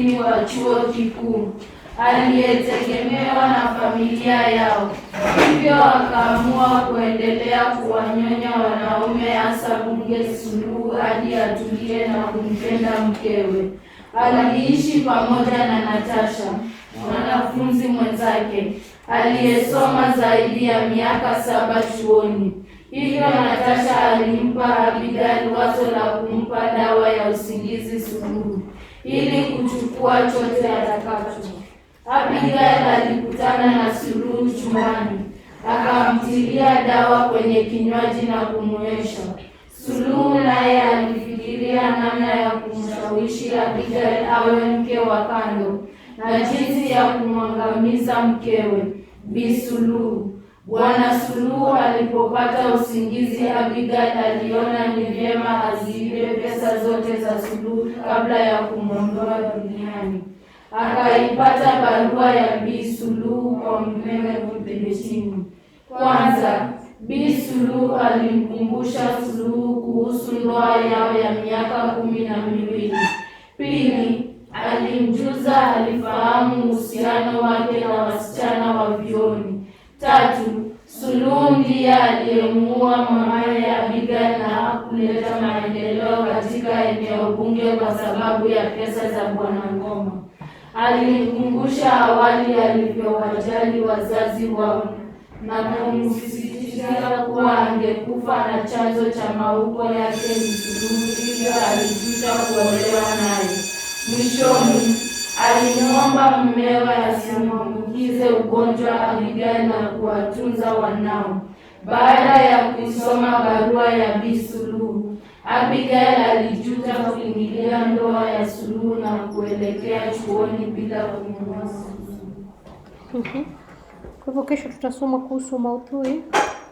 umaskini wa chuo kikuu aliyetegemewa na familia yao, hivyo akaamua kuendelea kuwanyonya wanaume, hasa Bunge Suluhu hadi atulie na kumpenda mkewe. Aliishi pamoja na Natasha, mwanafunzi mwenzake aliyesoma zaidi ya miaka saba chuoni. Hivyo Natasha alimpa Abigail wazo la kumpa dawa ya usingizi Suluhu ili kuchukua chote atakacho. Abigaili alikutana na Suluhu chumani, akamtilia dawa kwenye kinywaji na kumwesha Suluhu naye alifikiria namna ya kumshawishi Abigaili awe mke wa kando na jinsi ya kumwangamiza mkewe Bi Suluhu. Bwana Suluhu alipopata usingizi, abiga aliona ni vyema aziibe pesa zote za Suluhu kabla ya kumwondoa duniani. Akaipata barua ya Bi Suluhu kwa mumewe Mthemitini. Kwanza, Bi Suluhu alimkumbusha Suluhu kuhusu ndoa yao ya miaka kumi na miwili. Pili, Tatu, Suluhu ndiye aliyemuua mamaye Abigail na hakuleta maendeleo katika eneo bunge kwa sababu ya pesa za Bwana Ngoma. Alimkumbusha awali alivyowajali wazazi wao na kumsisitiza kuwa angekufa na chanzo cha mauko yake ni Suluhu, hivyo alijuta kuolewa naye. Mwishoni Alimwomba mumewe asimwambukize ugonjwa Abigaili na kuwatunza wanao. Baada ya kuisoma barua ya Bi Suluhu, Abigaili alijuta kuingilia ndoa ya Suluhu na kuelekea chuoni bila kununua. Mhm. Kwa hivyo kesho tutasoma kuhusu maudhui